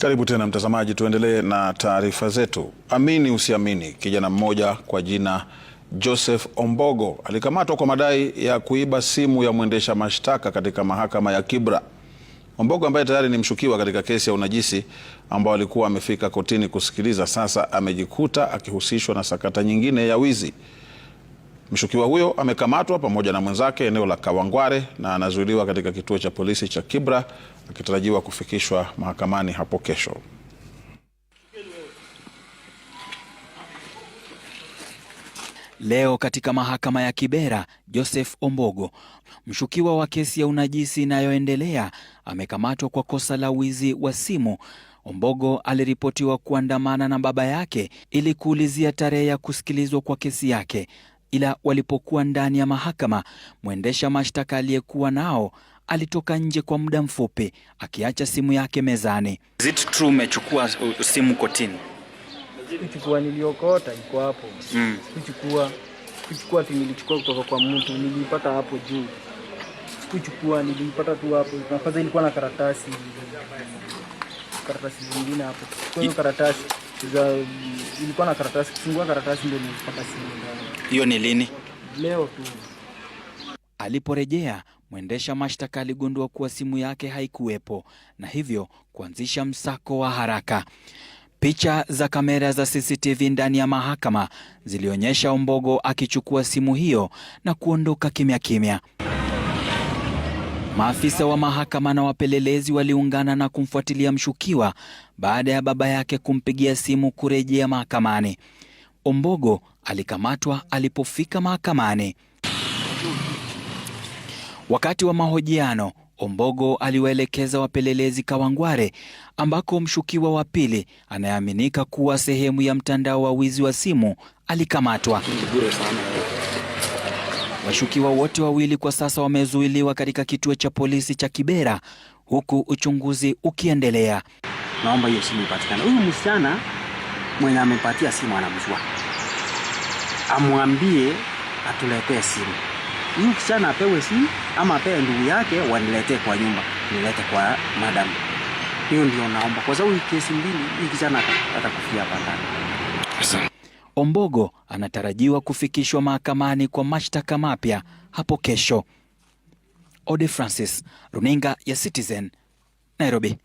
Karibu tena mtazamaji, tuendelee na taarifa zetu. Amini usiamini, kijana mmoja kwa jina Joseph Ombogo alikamatwa kwa madai ya kuiba simu ya mwendesha mashtaka katika mahakama ya Kibra. Ombogo ambaye tayari ni mshukiwa katika kesi ya unajisi ambao alikuwa amefika kotini kusikiliza, sasa amejikuta akihusishwa na sakata nyingine ya wizi. Mshukiwa huyo amekamatwa pamoja na mwenzake eneo la Kawangware na anazuiliwa katika kituo cha polisi cha Kibra akitarajiwa kufikishwa mahakamani hapo kesho. Leo katika mahakama ya Kibera, Joseph Ombogo, mshukiwa wa kesi ya unajisi inayoendelea, amekamatwa kwa kosa la wizi wa simu. Ombogo aliripotiwa kuandamana na baba yake ili kuulizia tarehe ya kusikilizwa kwa kesi yake ila walipokuwa ndani ya mahakama, mwendesha mashtaka aliyekuwa nao alitoka nje kwa muda mfupi akiacha simu yake mezani. Is it true umechukua simu kotini? Kuchukua niliokota iko hapo. Mm. Kuchukua kuchukua tu nilichukua kutoka kwa mtu nilipata hapo juu. Kuchukua nilipata tu hapo. Nafasi ilikuwa na karatasi. Karatasi zingine hapo. Kwa karatasi ilikuwa na karatasi, kufungua karatasi ndio nilipata simu Hiyo ni lini? Leo tu. Aliporejea, mwendesha mashtaka aligundua kuwa simu yake haikuwepo na hivyo kuanzisha msako wa haraka. Picha za kamera za CCTV ndani ya mahakama zilionyesha Ombogo akichukua simu hiyo na kuondoka kimya kimya. Maafisa wa mahakama na wapelelezi waliungana na kumfuatilia mshukiwa baada ya baba yake kumpigia simu kurejea mahakamani. Ombogo alikamatwa alipofika mahakamani. Wakati wa mahojiano, Ombogo aliwaelekeza wapelelezi Kawangware ambako mshukiwa wa pili anayeaminika kuwa sehemu ya mtandao wa wizi wa simu alikamatwa. Washukiwa wote wawili kwa sasa wamezuiliwa katika kituo cha polisi cha Kibera huku uchunguzi ukiendelea. Naomba hiyo simu ipatikane. Huyu msichana mwenye amepatia simu anamjua, amwambie atuletee simu. Huyu msichana apewe simu ama apewe ndugu yake, waniletee kwa nyumba, nilete kwa madam. Hiyo ndio naomba, kwa sababu hii kesi mbili, hii kijana atakufia hapa ndani. Ombogo anatarajiwa kufikishwa mahakamani kwa mashtaka mapya hapo kesho. Ode Francis, Runinga ya Citizen, Nairobi.